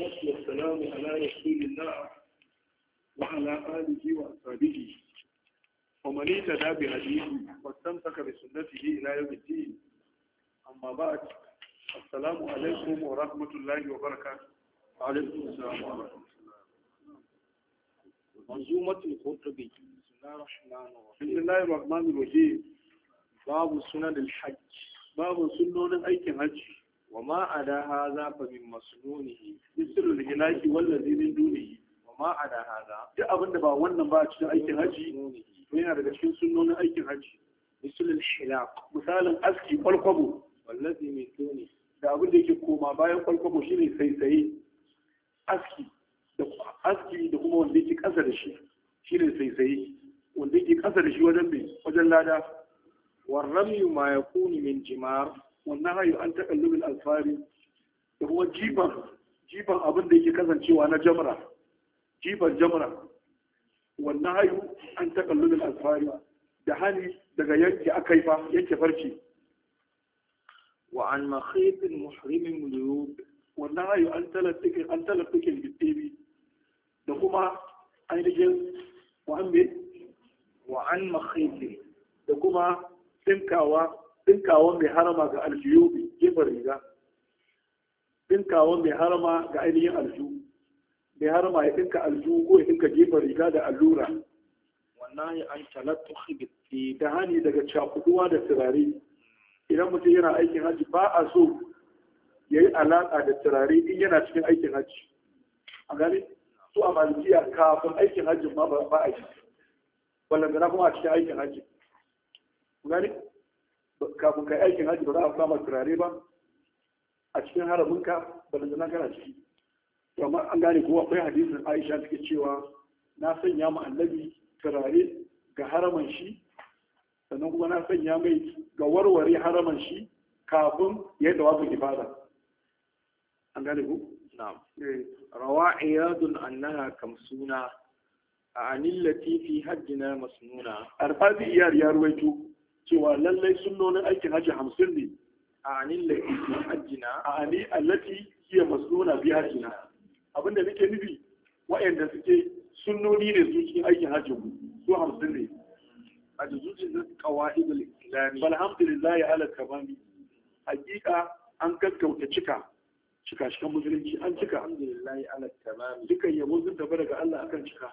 والصلاة والسلام على رسول الله وعلى آله وأصحابه ومن اهتدى بهديه واستمسك بسنته إلى يوم الدين أما بعد السلام عليكم ورحمة الله وبركاته وعليكم السلام ورحمة الله منظومة القرطبي بسم الله الرحمن الرحيم باب سنن الحج باب سنن أيك الحج wa ma ada haza fa min masnunihi mislul hilaki wallazi min dunihi wa ma ada haza duk abinda ba wannan ba cikin aikin haji yana daga cikin sunnonin aikin haji mislul hilak misalin aski kwalkwabo wallazi min dunihi da abinda yake koma bayan kwalkwabo shine saisaye aski da aski da kuma wanda yake kasa da shi shine saisaye wanda yake kasa da shi wajen bai wajen lada warrami ma yakuni min jimar wannan hayu an takallubin alfari da kuma jiban jiban abin da yake kasancewa na jamra jiban jamra wannan hayu an takallubin alfari da hani daga yanke fa yanke farci wa an muhrim al mulub wannan hayu an talafikin an talafikin bittebi da kuma ainihin wa an wa an makhidin da kuma tsinkawa dinkawon mai harama ga aljiyu gefen riga dinkawon mai harama ga ainihin aljiyu mai harama ya dinka aljiyu ko ya dinka gefen riga da allura wannan ya an talattu hibiti da hani daga cakuduwa da turare idan mutum yana aikin hajji ba a so ya yi alaƙa da turare in yana cikin aikin hajji a gani su a malikiya kafin aikin hajji ma ba a yi wallangana kuma a cikin aikin hajji gani kafin ka aikin haji ba za a samu turare ba a cikin harabinka ba da zana kana ciki to amma an gane ko akwai hadisin Aisha suke cewa na sanya mu annabi turare ga haraman shi sannan kuma na sanya mai ga warware haraman shi kafin ya yi dawafin ibada an gane ku na'am eh. rawa iyadun annaha kamsuna a anillati fi hajjina masnuna arfazi iyar ya ruwaito cewa lallai sunnonin aikin hajji hamsin ne a anin laifi hajjina a ani allati nuna masnuna bi hajjina abinda nake nufi wa'anda suke sunnoni ne su cikin aikin hajji mu su hamsin ne a jujujin da qawaid al-islam alhamdulillah ala kamami hakika an gaggauta cika cika cikin musulunci an cika alhamdulillah ala kamami Dukkan yabo sun tabbata Allah akan cika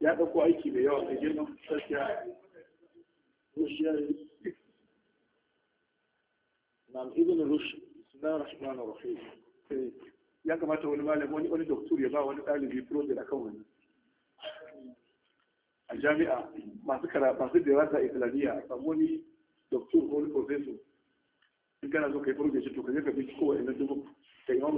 ya ɗauko aiki da yawa da girman eh, ya kamata wani malami wani wani doktor ya ba wani ɗalibi project wani a jami'a masu kara masu dirasa islamiyya a samu wani doktor ko wani professor in kana project to ka je ka bi kowa ina dubu da da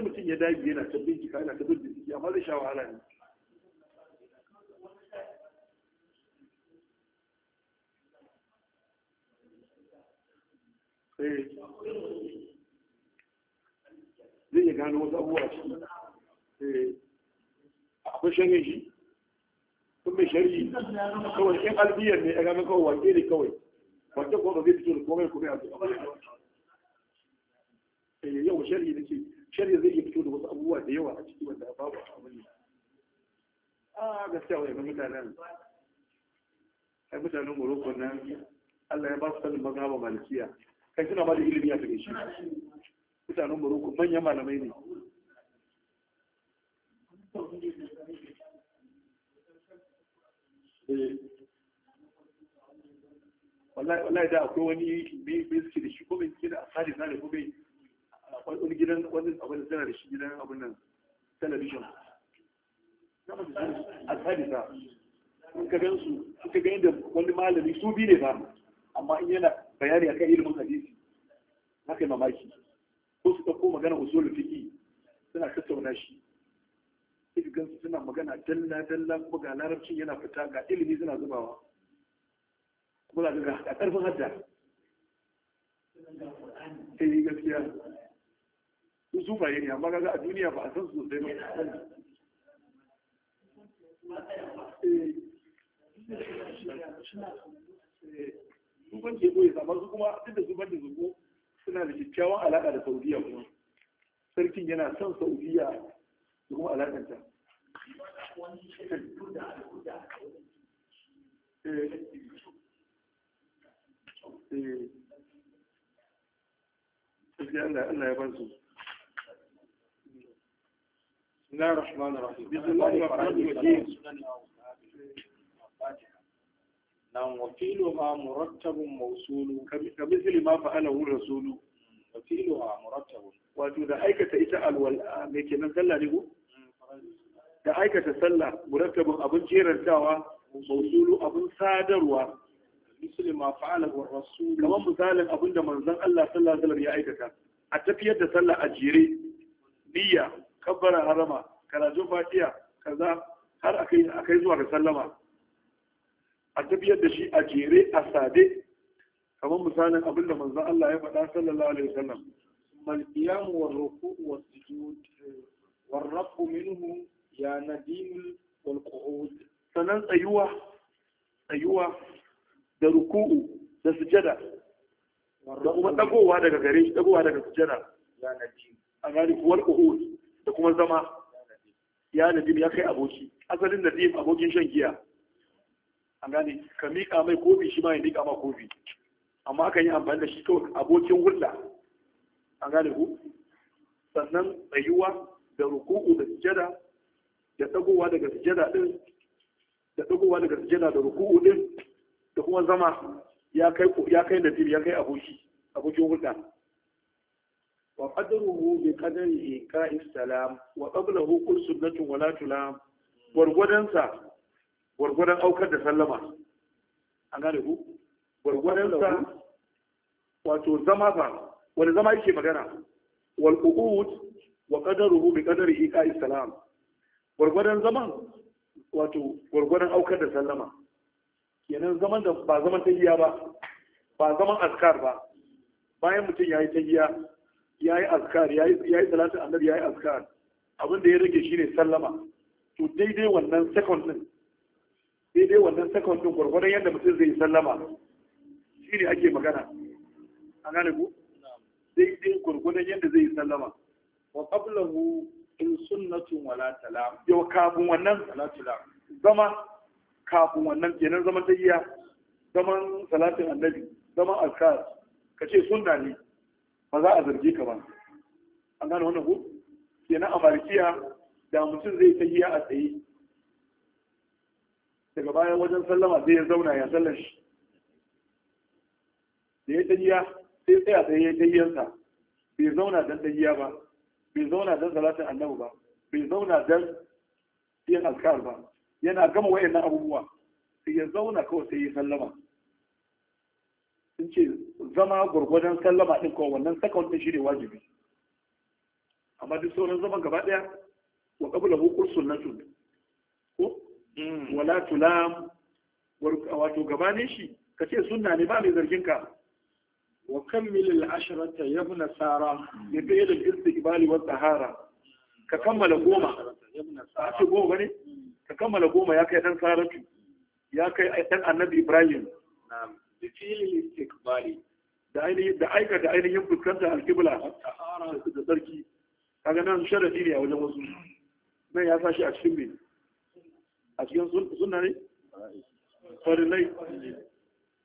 mutum ya dage yana ta bincika yana ta bincika amma zai sha wahala ne eh. zai yi gano wata abuwa shi eh. akwai shan shi sun mai shari'i kawai in albiyar ne a ganin kawai wanke ne kawai wanke kuma ba zai fito da komai ya a cikin eh, yau shari'i da ke shari'i zai iya fito da wasu abubuwa da yawa a ciki wanda babu a wani a gaskiya wai ga mutanen ai mutanen Morocco na Allah ya ba su sanin ba malikiya kai suna ba da ilimi a cikin shi mutanen Morocco manyan malamai ne wallahi da akwai wani bai suke da shi ko bai suke da asali na da ko bai wani gidan wani abin da tana da shi gidan abin nan talabijin asali na in ka gan su in ka gan da wani malami su bi ne ba amma in yana bayani akan ilimin hadisi na kai mamaki ko su ɗauko magana usulul fiqi suna tattauna shi sai su suna magana dalla dalla kuma ga larabcin yana fita ga ilimi suna zubawa kuma ga a karfin hadda eh gaskiya su zubaye ne amma kaga a duniya ba a san su sosai ba zuban eh. ke goyi amma su kuma duk da zuban da zubo suna da kyakkyawan alaƙa da saudiya kuma sarkin yana son saudiya da kuma alaƙanta Allah ya bansu. بسم الله الرحمن الرحيم بسم الله الرحمن الرحيم نعم وفيلها مرتب موصول كمثل ما فعله الرسول وفيلها مرتب wato da aikata ita alwala mai kenan sallah ne ko da aikata sallah murakabin abin jerantawa mausulu abin sadarwa misali ma fa'ala wa rasul kamar misalin abin da manzon Allah sallallahu alaihi wasallam ya aikata a tafiyar da sallah a jere niyya kabbara harama karatun fatiha kaza har akai akai zuwa ga sallama a tafiyar da shi a jere a sade kamar misalin abin da manzon Allah ya faɗa sallallahu alaihi wasallam mal qiyam wa ruku' wa sujud wa rafu minhu ya nadimul wal qu'ud sanan tsayuwa tsayuwa da ruku'u da sujada da kuma dagowa daga gare shi dagowa daga sujada ya nadim a gari kuwar qu'ud da kuma zama ya nadim ya kai aboki asalin nadim abokin shan giya an gane ka miƙa mai kofi shi ma ya miƙa ma kofi amma kan yi amfani da shi kawai abokin hulɗa an gane ku sannan tsayuwa da ruku'u da sujada da dagowa daga sujada din da dagowa daga sujada da ruku'u din da kuma zama ya kai ya kai nadir ya kai aboki abokin hulɗa wa qadruhu bi qadri ka salam wa qablahu kull sunnatun la tulam gurgudan sa gurgudan aukar da sallama an gane ku gurgudan sa wato zama fa wani zama yake magana wal qu'ud wa qadaruhu bi qadari ka salam gwargwadon zaman wato gwargwadon aukar da sallama kenan zaman da ba zaman ta giya ba ba zaman askar ba bayan mutum ya yi ta giya, ya yi askar, ya yi salatin annabi ya yi askar, abin da ya rage shi ne sallama to daidai wannan second din daidai wannan second din gwargwadon yadda mutum zai yi sallama shi ne ake magana A gane ku daidai gwargwadon yadda zai yi sallama wa qablahu in sunnatun wala talam yau kafin wannan salatu la zama kafin wannan kenan zama tayya zaman salatin annabi zaman alkar ka ce sunna ne ba za a zarge ka ba an gane wannan ko kenan a malikiya da mutum zai tayya a tsaye daga bayan wajen sallama zai ya zauna ya sallar shi da ya tayyiya sai tsaya tsaye ya tayyiyarsa bai zauna dan tayya ba bai zauna don salatin annabi ba bai zauna don yin alkar ba yana gama wayannan abubuwa sai ya zauna kawai sai ya sallama sun ce zama gwargwadon sallama ɗin kawai wannan sakon ɗin shi ne wajibi amma duk sauran zaman gaba ɗaya wa qabla hu qursunnatun ko mm. wala tulam wato gabanin shi kace sunna ne ba mai zargin ka wa kammil al-ashrata ya ibn sara ka kammala goma ya kai dan saratu ya kai dan annabi ibrahim da ainihin da aikata ainihin fuskantar al-qibla da nan sharadi ne a wajen wasu nan ya sashi a cikin me a cikin sunna ne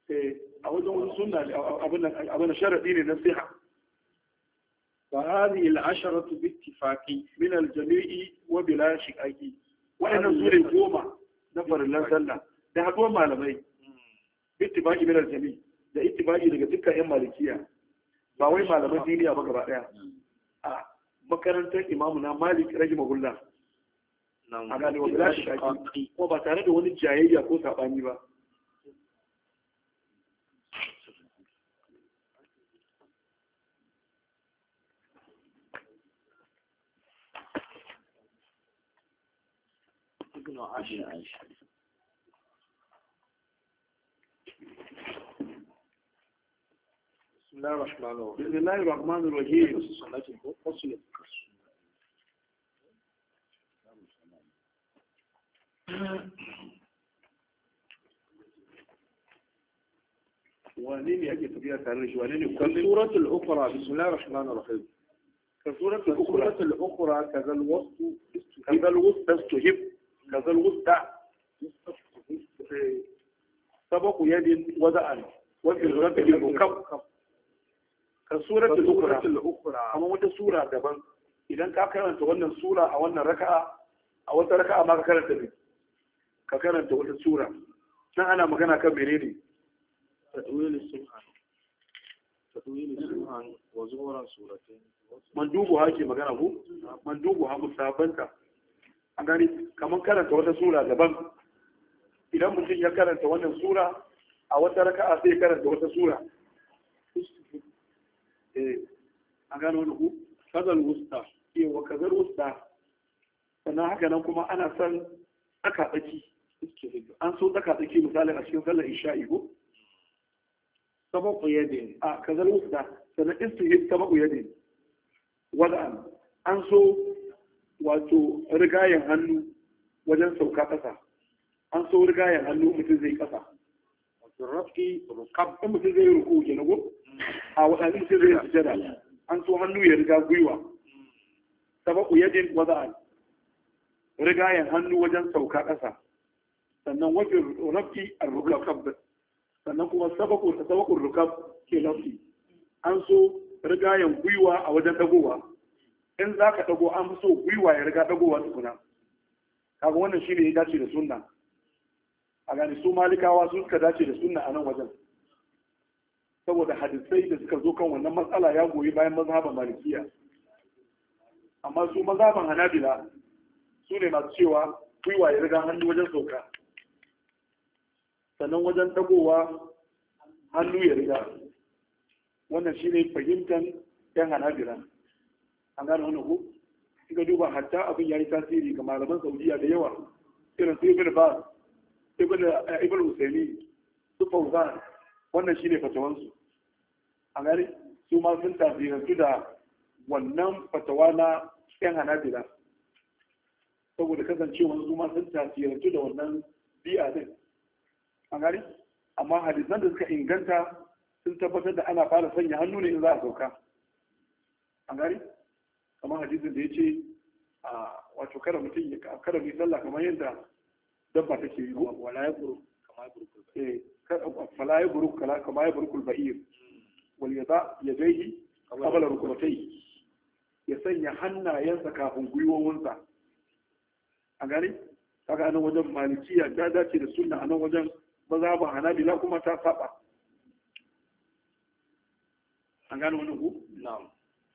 Eh, a wajen wasu sunna abin da sharaɗi ne na siha فهذه العشرة باتفاق من الجميع وبلا شكاك وأنا زوري قوما نفر الله سنة ده هدوى معلمي min من الجميع ده اتفاق daga dukkan ‘yan malikiya ba wai malaman duniya ba gaba a makarantar imamu na malik rage nan, a gane wa bila shikaki ko ba tare da wani jayayya ko sabani ba بسم الله الرحمن الرحيم بسم الله الرحمن الرحيم فصل ونين يجي الأخرى بسم الله الرحمن الرحيم كالسورة الأخرى كذا الوصف كذا الوصف تستهب nazar wusta sabaku yadin waza'an wafin rabbi mukam ka suratul ukhra amma wata sura daban idan ka karanta wannan sura a wannan raka'a a wata raka'a ma ka karanta ne ka karanta wata sura nan ana magana kan menene tadwilus subhan tadwilus subhan wa zuhuran suratayn mandubu hake magana ku mandubu ha musabanta an gani kamar karanta wata sura daban idan mutum ya karanta wannan sura a wata raka'a sai karanta wata sura eh an gano wani ku kazal wusta eh wa kazal wusta sannan haka nan kuma ana san tsaka tsaki an so tsaka tsaki misali a cikin sallar isha'i ko sabaku yadin a kazal wusta sannan istihib sabaku yadin wada'an an so wato rigayen hannu wajen sauka ƙasa an so rigayen hannu mutum zai ƙasa rafi rukab in mutum zai ruku ke a waɗannan mutum zai sujada an so hannu ya riga gwiwa sabaku yadin waza wada'an rigayen hannu wajen sauka ƙasa sannan wajen rafi rukab sannan kuma sabakun rukab ke lafi an so rigayen gwiwa a wajen dagowa in za ka dago an fi so gwiwa ya riga dagowa tukuna kaga wannan shi ne ya dace da sunna a gani su malikawa su suka dace da sunna a nan wajen saboda hadisai da suka zo kan wannan matsala ya goyi bayan mazhaban malikiya amma su mazhaban hanabila su ne masu cewa gwiwa ya riga hannu wajen sauka sannan wajen dagowa hannu ya riga wannan shi ne fahimtar yan hanabila an gane wannan ko in ka duba hatta abin ya yi tasiri ga malaman saudiya da yawa irin su ibn ba ibn eh, ibn usaimi su fauzan wannan shine fatawansu an gane su ma sun tasirantu da wannan fatawa na yan hanabila saboda kasancewar su ma sun tasirantu da wannan bi'a din an gane amma hadisan da suka inganta sun tabbatar da ana fara sanya hannu ne in za a sauka an kamar hadisin da ya ce a wato kada mutum ya kada mu sallah kamar yadda dabba take yi wala ya buru kamar ya buru kamar ya buru kulba'ir wal yada yadayhi qabla rukubatayhi ya sanya hannayensa kafin gwiwowinsa a gari kaga anan wajen malikiya ta dace da sunna anan wajen maza ba hanabila kuma ta saba an gane wani ku na'am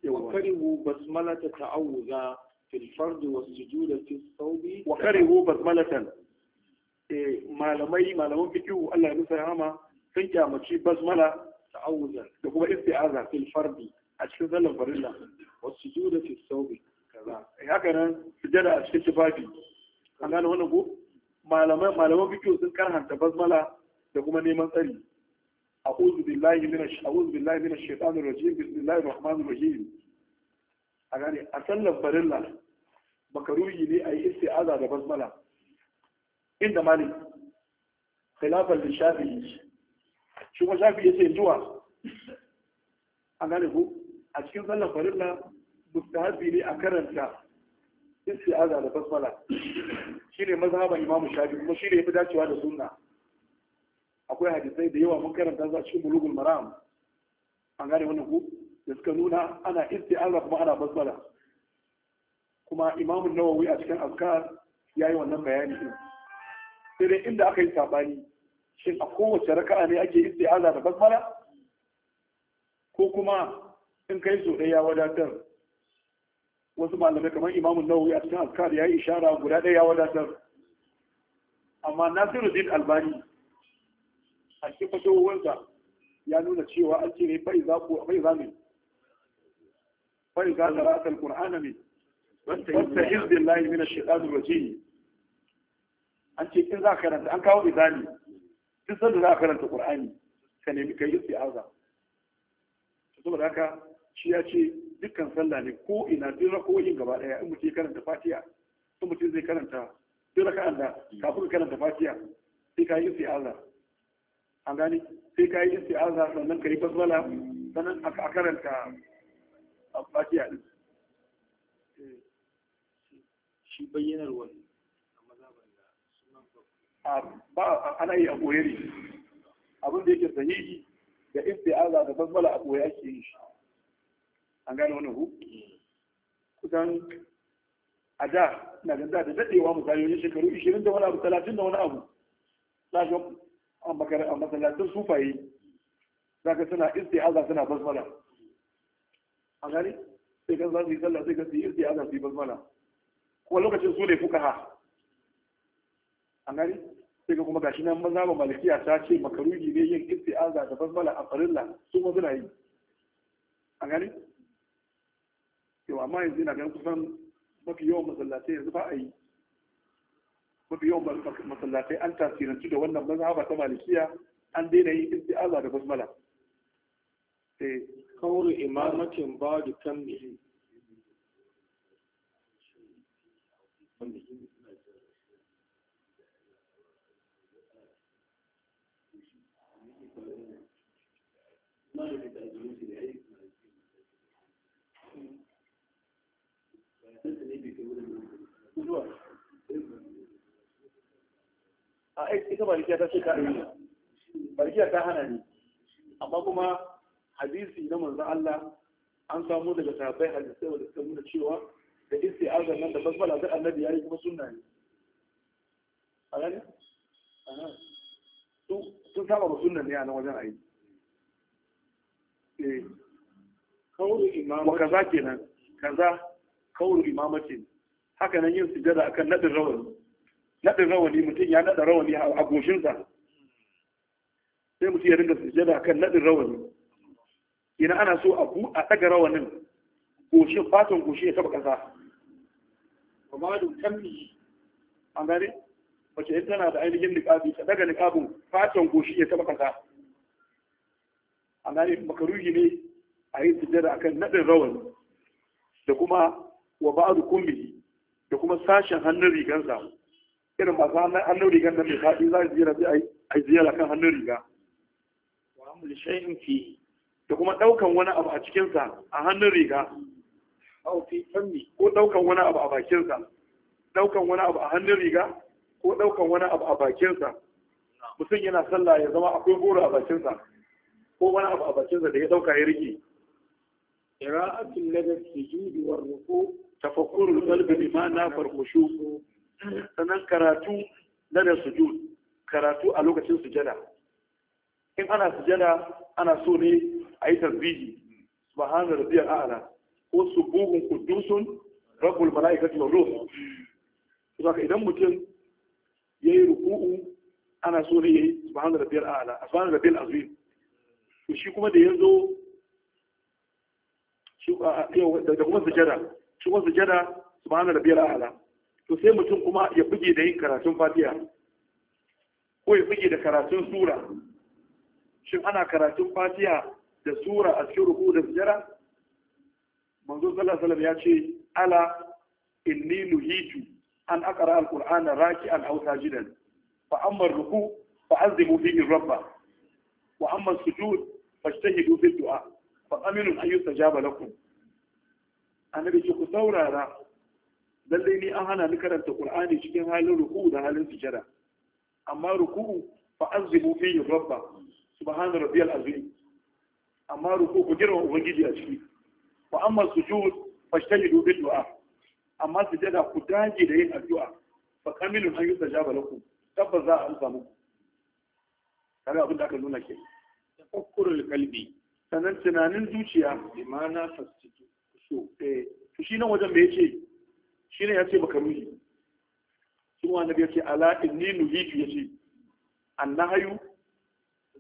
وكرهوا بسملة تعوذا في الفرد والسجود في الصوب وكرهوا بسملة malamai malaman fikihu Allah ya nusa rama sun kyamaci basmala ta'awuzan da kuma isti'aza fil fardi a cikin zallan farilla wa sujuda fi sawbi kaza haka nan sujada a cikin tufafi an gane wannan ko malaman malaman sun karhanta basmala da kuma neman tsari أعوذ بالله من الش... أعوذ بالله من الشيطان الرجيم بسم الله الرحمن الرحيم أغاني أسلم بريلا بكروي لي أي استعاذة بسملة إن مالي خلافا للشافعي شو ما شافعي يسي جوا أغاني هو أشكين سلم برلا مستهدي لي أكرنتا استعاذة بسملة شيري مذهب إمام الشافعي مشيري بدأت شوال السنة akwai hadisai da yawa mun karanta su a cikin bulugul maram an gane wannan ku da suka nuna ana isti'aza kuma ana basbala. kuma imamu nawawi a cikin azkar ya yi wannan bayani din sai dai inda aka yi sabani shin a kowace raka'a ne ake isti'aza da basbala? ko kuma in kai so ɗaya wadatar wasu malamai kamar imamun nawawi a cikin azkar ya yi ishara guda ɗaya wadatar amma nasiruddin albani a cikin fashewarsa ya nuna cewa an ce ne bai za ku bai za ne bai za ka rasa alqur'ana ne wasta izbin lahi min ash-shaytan ar an ce in za a karanta an kawo izali duk sanda za a karanta qur'ani ka nemi kai istiaza saboda haka shi ya ce dukkan sallah ne ko ina duk rakoyin gaba daya in mutum ya karanta fatiya? in mutum zai karanta duk raka'an da kafin karanta fatiya? sai ka yi istiaza an gani sai ka yi isti'aza sannan ka yi basmala sannan a karanta a fatiha din eh, shi bayyanar wani a mazaban da sunan ba a ana yi a koye ne abin da yake sanyi da isti'aza da basmala a koye ake yi shi an gane wani hu eh. kusan a da na ganda da daɗewa misali wani shekaru 20 da wani abu 30 da wani abu a masallacin sufaye za ka suna aza suna basmala a gani sai kan za su yi sallah sai ka su yi aza su yi basmala kuma lokacin su ne ha. a gani sai ka kuma gashi nan maza ba malikiya ta ce makaruji ne yin aza da basmala a farilla su ma suna yi a gani yau amma yanzu na ganin kusan mafi yawan masallatai yanzu ba a yi mafi yawan masallatai an tasirantu da wannan mazhaba ta malikiya an daina yin isti'aza da basmala eh kawru imamatin ba da kammihi Thank you. a eh, ita malikiya ta ce ka ɗari malikiya ta hana ne amma kuma hadisi na manzan Allah an samu daga sahabbai hadisai wanda suka nuna cewa da isti'azar nan da basbala da annabi yayi kuma sunna ne a gani sun saba ba sunna ne a nan wajen ayi eh kauru imama kaza kenan kaza kauru imamatin haka nan yin sujada akan nadin rawani naɗin rawani mutum ya naɗa rawani a goshinsa sai mutum ya ringa sujada kan naɗin rawani ina ana so a ɗaga rawanin goshi fatan goshi ya taɓa ƙasa amma da kammi an gane wace in tana da ainihin niƙabi ta daga niƙabin fatan goshi ya taɓa ƙasa an gane makaruhi ne a yi sujada akan naɗin rawani da kuma wa ba'adu kumbi da kuma sashen hannun rigansa irin masu hannun rigar da mai faɗi za a ziyara sai a ziyara kan hannun riga wa amul shay'in fi da kuma ɗaukan wani abu a cikinsa a hannun riga A fi fanni ko ɗaukan wani abu a bakinsa ɗaukan wani abu a hannun riga ko ɗaukan wani abu a bakinsa mutum yana sallah ya zama akwai goro a bakinsa ko wani abu a bakinsa da ya ɗauka ya rike ira'atul ladab sujudi war ruku tafakkurul qalbi bima nafar khushu sannan karatu na da sujud karatu a lokacin sujada in ana sujada ana so ne a yi tasbihi subhana biyar a'la ko subuhun qudusun rabbul malaikati wa ruh saka idan mutum yayi ruku'u ana so ne yayi subhana biyar a'la subhana rabbiyal azim to shi kuma da yazo shi da kuma sujada shi kuma sujada subhana biyar a'la to sai mutum kuma ya buge da yin karatun fatiya. ko ya buge da karatun sura shin ana karatun fatiya da sura a cikin ruku da sujara manzo sallallahu alaihi ya ce ala inni nuhitu an aqra alqur'ana raki'an aw sajidan fa amma ruku fa azimu fihi rabba wa amma sujud fajtahidu fi du'a fa aminu an yustajaba lakum annabi ce ku saurara lallai ni an hana ni karanta qur'ani cikin halin ruku'u da halin sujada amma ruku'u fa azimu fi rabba subhana rabbiyal azim amma ruku'u ku girma ubangiji a ciki wa amma sujud fashtajidu bil du'a amma sujada ku dage da yin addu'a fa kamilu an yusajaba lakum tabbas za a amsa muku kaga abin da aka nuna ke tafakkurul kalbi sanan tunanin zuciya limana fasjudu so eh shi nan wajen me yake shi ne ya ce baka nuhi shi wa annabi ya ce ala inni nuhitu ya ce annahayu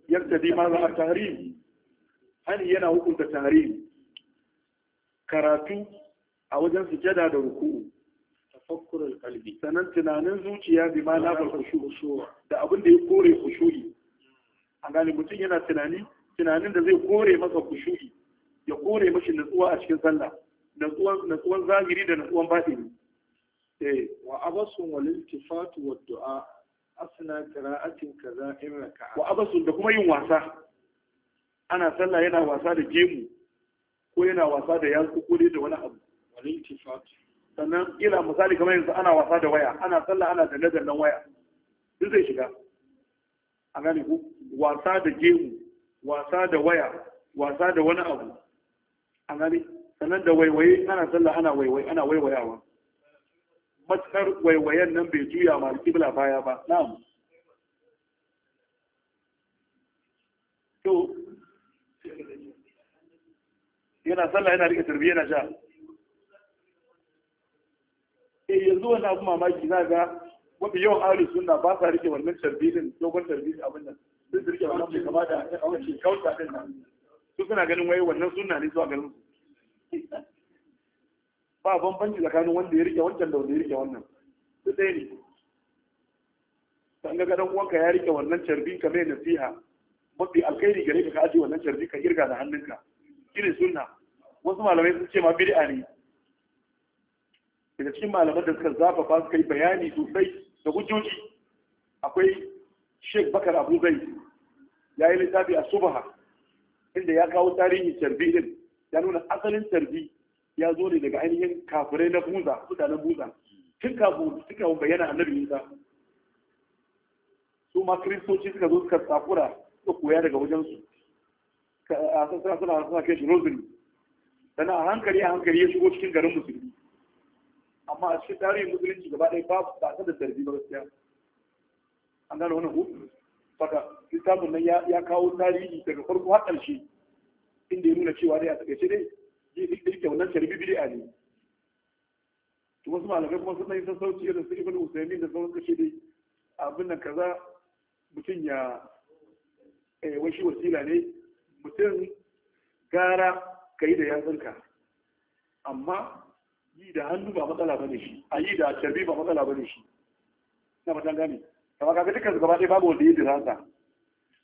yartadi ma za a tahrim hani yana hukunta tahrim karatu a wajen sujada da ruku'u tafakkur alqalbi sanan tunanin zuciya bi ma nafal khushu da abin da ya kore khushu'i an gane mutum yana tunani tunanin da zai kore masa khushu'i ya kore mashi natsuwa a cikin sallah natsuwan natsuwan zahiri da natsuwan batini eh wa abasun wal iltifatu wad du'a asna qira'atin kaza in raka'a wa abasun da kuma yin wasa ana sallah yana wasa da gemu ko yana wasa da yatsu ko da wani abu sannan ila misali kamar yanzu ana wasa da waya ana sallah ana da nazarin waya duk zai shiga a ku wasa da gemu wasa da waya wasa da wani abu a sannan da waiwaye ana sallah ana waiwaye ana waiwayawa matukar waiwayen nan bai juya ma kibla baya ba na'am to yana sallah yana rike tarbiyya na sha eh yanzu wani abu mamaki na ga wani yawan ahli sunna ba sa rike wannan tarbiyyin dogon tarbiyyin abin nan sun rike wannan bai kamata a wace kauta din nan su suna ganin wai wannan sunna ne zuwa garin su ba bambanci tsakanin wanda ya rike wancan da wanda ya rike wannan duk ɗaya ne Sanga ga dan uwanka ya rike wannan carbi ka mai nasiha mafi alkhairi gare ka ka aje wannan carbi ka girga da hannunka shine sunna wasu malamai sun ce ma bid'a ne daga cikin malaman da suka zafa zafafa su kai bayani sosai da hujjoji akwai Sheikh Bakar Abu zai ya yi littafi a Subaha inda ya kawo tarihin carbi din ya nuna asalin carbi ya zo ne daga ainihin kafirai na buza mutanen buza tun kafin suka bayyana annabi Musa su ma kiristoci suka zo suka tsakura suka koya daga wajensu a suna suna suna kai shi rosary sannan a hankali a hankali ya shigo cikin garin musulmi amma a cikin tarihin musulunci gaba ɗaya ba ba ta da zargi ba gaskiya an gano wannan ku saka littafin nan ya kawo tarihi daga farko har ƙarshe inda ya nuna cewa dai a takaice dai rike wannan sharibi bid'a ne to wasu malamai kuma sun yi sassauci irin su ibnu usaimin da sauran kace dai abin nan kaza mutum ya eh wai shi wasila ne mutum gara kai da yatsunka amma yi da hannu ba matsala bane shi a yi da tarbi ba matsala bane shi na matan gane kamar kaga dukkan gaba ɗaya babu wanda ya dirasa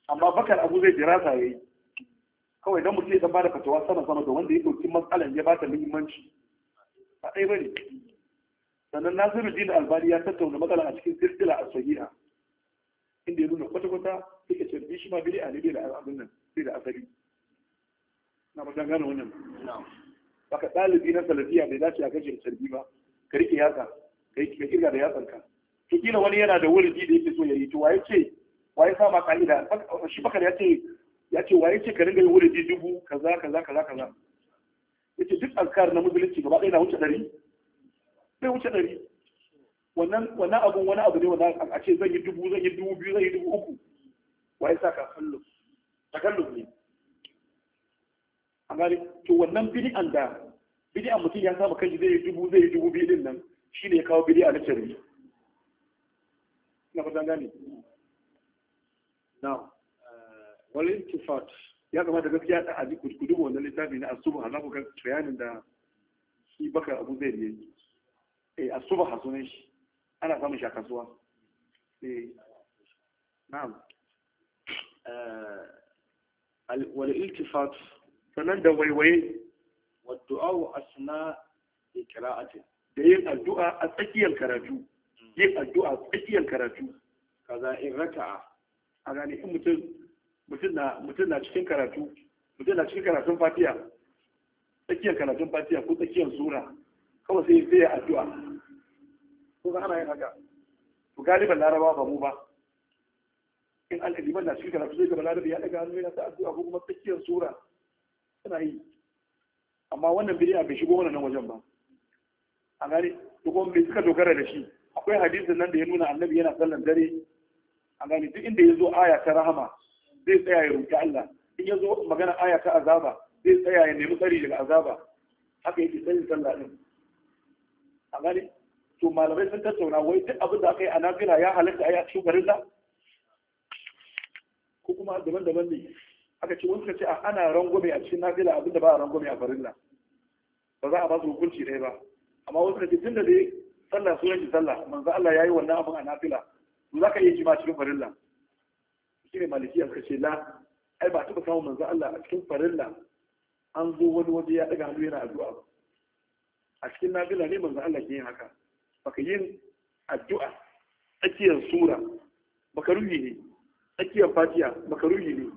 amma bakar abu zai dirasa yayi kawai don mutum ya zama da fatawa sama sama da wanda ya ɗauki matsalan ya bata muhimmanci ba ɗaya bane sannan nasiru din albani ya tattauna matsala a cikin silsila a sahiha inda ya nuna kwata-kwata suke ce shi ma bid'a ne bai da abin nan sai da asali na ba gane wannan baka ɗalibi na salafiya bai dace a kashe sarbi ba ka rike yatsa ka yi kirga da yatsanka ka kila wani yana da wuri da yake so ya yi to waye ce waye sa ma ka'ida shi baka da ya ce ya ce waye ce ka dinga yin wuri dubu kaza kaza kaza kaza yace duk alkar na musulunci gaba ɗaya na wuce ɗari bai wuce ɗari wannan wannan abun wani abu ne wannan a ce zan yi dubu zan yi dubu biyu zan yi dubu uku wa ya sa kafalluf kallo ne a ne. to wannan bid'an da an mutum ya samu kanshi zai yi dubu zai yi dubu biyu din nan shine ya kawo bid'a na shari'a na fatan gane na'am wal iltifat ya kamata gaskiya da aji kudu wannan littafi na asuba za ku ga bayanin da shi baka abu zai yi eh asuba hasunan shi ana samun shi a kasuwa eh na'am eh, wal iltifat sanan da waiwaye wa du'a asna qira'atin da yin addu'a a tsakiyar karatu mm. yin addu'a a tsakiyar karatu kaza in raka'a a gane in mutum mutum na cikin karatu mutum na cikin karatun fatiya tsakiyar karatun fatiya ko tsakiyar sura kawai sai sai addu'a ko ga ana yin haka to galiban laraba ba mu ba in al'adiban na cikin karatu zai ga laraba ya daga hannu yana ta addu'a ko kuma tsakiyar sura suna yi amma wannan bid'a bai shigo wannan wajen ba a gani to kuma bai suka dogara da shi akwai hadisin nan da ya nuna annabi yana sallan dare a gani duk inda ya zo aya ta rahama zai tsaya ya roƙi Allah in ya zo magana aya ta azaba zai tsaya ya nemi tsari daga azaba haka yake tsayin sallah din a gani to malamai sun tattauna wai duk abin da aka yi a nafila ya halatta a yi a cikin da ko kuma daban-daban ne aka ce wani ce ana rangwame a cikin nafila abin da ba a rangwame a da? ba za a ba su hukunci ɗaya ba amma wasu ce tun da dai sallah sunan shi sallah manzo Allah ya yi wannan abin a nafila to za ka iya jima ma cikin farilla shi ne maliki suka ce la ai ba taɓa samun manzo Allah a cikin farilla an zo wani waje ya ɗaga hannu yana addu'a ba a cikin nafila ne manzo Allah ke yin haka baka yin addu'a tsakiyar sura ruhi ne tsakiyar fatiya ruhi ne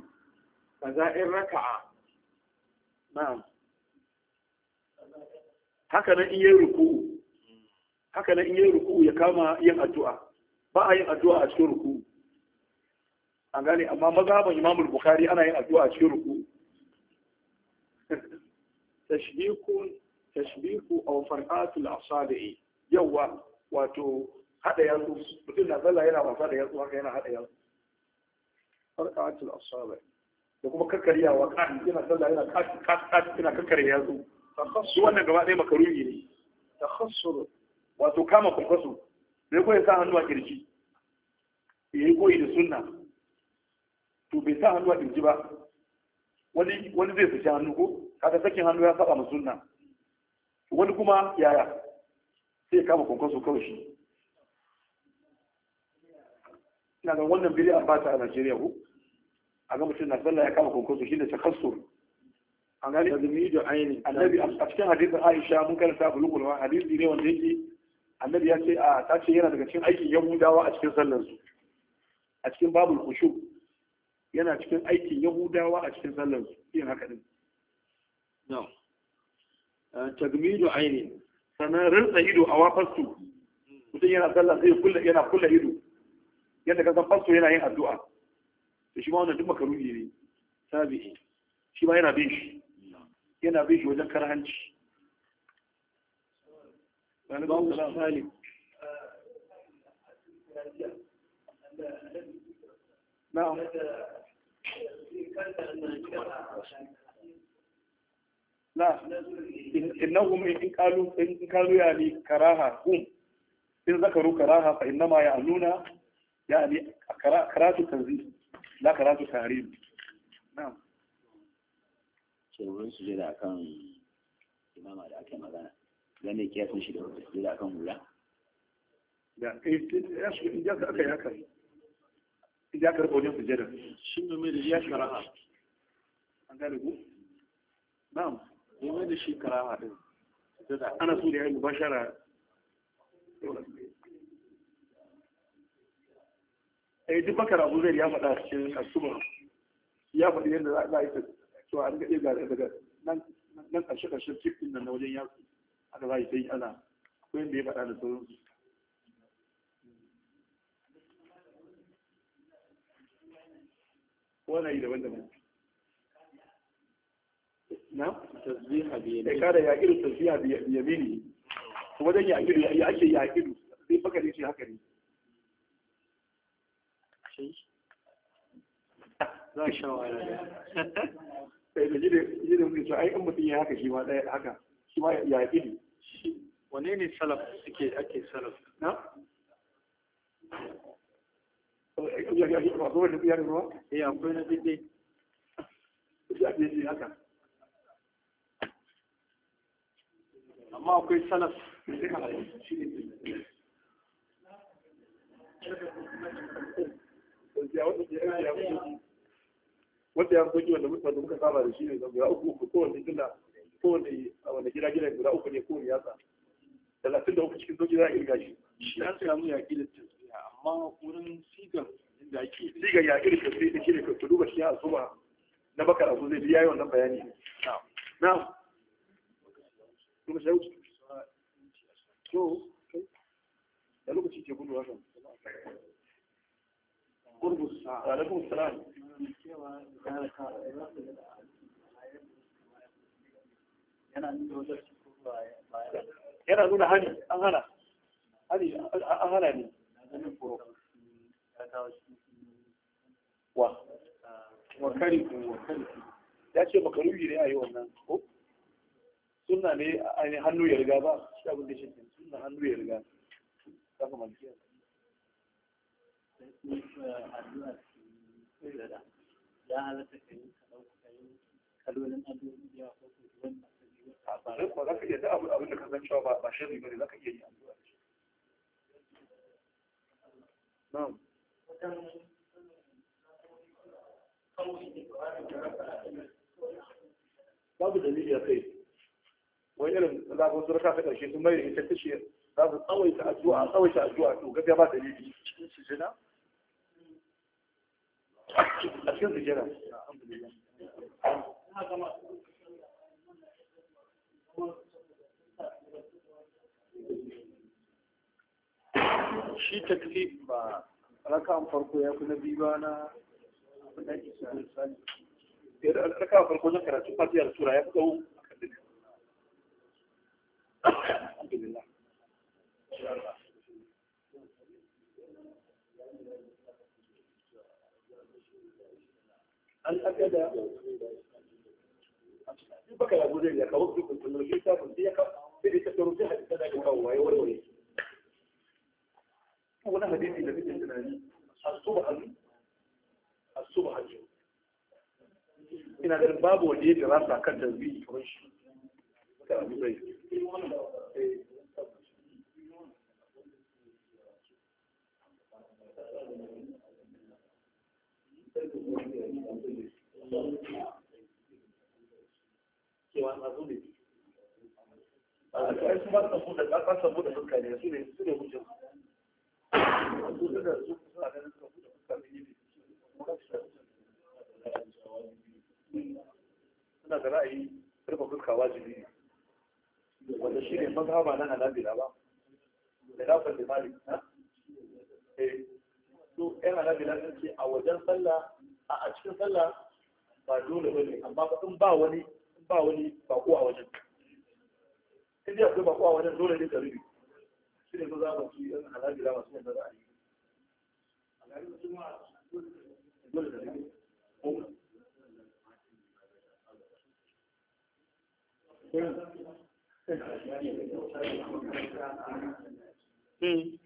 kaza'in raka'a na'am haka nan in yi ruku'u haka nan in yi ruku'u ya kama yin addu'a ba a yin addu'a a cikin ruku'u an gane amma mazhaban imamul bukhari ana yin addu'a cikin ruku tashbiku tashbiku aw al asabi'i yawa wato hada yatsu mutum na sallah yana wasa da yatsu haka yana hada yatsu al asabi'i da kuma kakkariyawa kan yana sallah yana kashi kashi yana kakkarya yatsu su wannan gaba ɗaya makaruni ne takhassur wato kama kwankwaso sai ko ya sa hannu a kirji yayi koyi da sunna to bai sa hannu a kirji ba wani wani zai fushi hannu ko kaga sakin hannu ya saba sunna wani kuma yaya sai ya kama kwankwaso kawai shi ina ga wannan biri an bata a Najeriya ko a ga mutum na sallah ya kama kwankwaso shi ne takassur an gani azumi da aini annabi a cikin hadisin Aisha mun sa bulugul wa hadisi ne wanda yake annabi ya ce a ta ce yana daga cikin aikin yahudawa a cikin sallar su a cikin babul khushu' yana cikin aikin yahudawa a cikin sallar su yin haka din na'am eh, tagmidu aini sannan rinsa ido a wafarsu su mutum yana sallar zai yana kulla ido yadda kasan fasto yana yin addu'a da shi ma wannan duk makaruhi ne tabi'i shi ma yana bin shi yana bin shi wajen karhanci Babu Na'am. na innahum in kalu in qalu karaha hum in zakaru karaha fa innama ya'luna yani karatu tanzih la karatu tahrim su jira kan imama da ake magana dan ne shi da kan da ya shi inda ka yi haka ya karɓa wajen sujada shi ne mai da ya shara'a an gane ku na'am ya mai da shi karaha din ana so da ya yi mubashara yi eh, duk bakar abu zai ya faɗa su asuba ya faɗi yadda za a yi to an ga ɗaya daga nan ƙarshe ƙarshen cikin nan wajen yaki aka za a yi ana ya faɗa da sauransu ko na yi daban-daban na tasbiha kada ya kiru tasbiha bi yamini kuma dan ya kiru ya ake ya kiru sai baka ne shi haka ne za sha wa sai eh, da jide da muke cewa ai in mutum ya haka shi ma ɗaya haka shi ma ya kiru wane ne salaf suke ake salaf na masu eh, ya daidai wanda ya soki wanda mutane muka saba da shi ne zan guda uku uku kowane gina kowane a wanda gida gina guda uku ne kowane yatsa talatin da uku cikin zoji za a irga shi shi an samu ya da amma wurin sigar inda ake sigar ya irin kasai da ke ka duba shi a zuba na bakar abu zai biya yawan bayani na yana nuna hani an hana hannu ne wa wa kariku wa kariku ya ce makaruhi ne a yi wannan ko suna ne a yi hannu ya riga ba shi abin da shi suna hannu ya riga ta kuma malkiya ya halatta ka yi kalolin addu'o'i ya ko kuma wanda ka yi wa ba za ka iya da abin da ka san cewa ba shirri ba ne za ka iya yi addu'a babu dalili a kai wani irin zafin surka ta ƙarshe sun mai ita ta ce za su tsawaita addu'a tsawaita addu'a to gaskiya ba dalili cikin sujina a cikin sujina alhamdulillah shi takli ba rakan farko ya fi na biyu ba na da ake misali rakan farko na karatu fatiha da sura ya a tsawo alhamdulillah an akada baka ya gudun ya kawo dukkan kullum shi ta ya kawo sai da ta tsoro sai hadisa da kawo waye waye wani hadisi da nake tunani as-subhan a subhan ina ganin babu wanda ya dirasa kan tarbiyi kamar shi ta abu bai cewa na zo ne a ƙarshen ba su da ƙasa bude fuska ne su ne su suna da ra'ayi fuska wajibi ne wanda shi ne nan ba da da malik na eh. su yan sun ce a wajen sallah a cikin sallah ba dole ba ne amma in ba wani ba wani a wajen in bako a wajen dole ne ka rubi su ne za mu ci yan halali da da masu yadda za a yi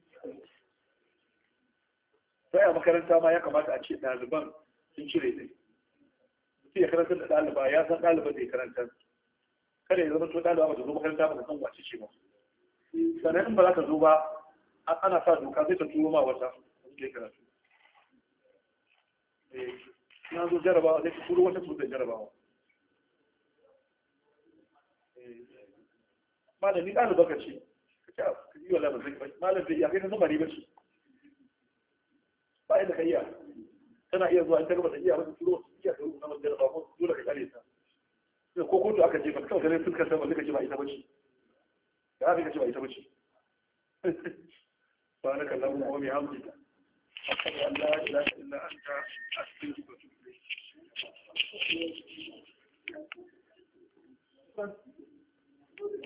sai a makaranta ma ya kamata a ce ɗaliban sun cire ne mutum ya karantar da ɗaliba ya san ɗaliban da ya karantar kada ya zama to ɗaliba ba ta zo makaranta ba ta san wace ce ba sannan in ba za ka zo ba ana sa doka zai ta turo ma wata suke karatu eh, na zo jarabawa sai ta turo wata tutar jarabawa eh, malami ɗaliba ka ce ka yi wala lamar zai ba malam zai a kai ta zama ne ba ce ba yadda ka iya tana iya zuwa ita gaba da iya wata turo iya ta rubuta wata jarabawa ko dole ka kare ta ko kotu aka je ba kawai ganin sun ta ba zai ka ce ba ita ba ce ta ka ce ba ita bace ba na kallon kuma mai hamdika أشهد Thank you.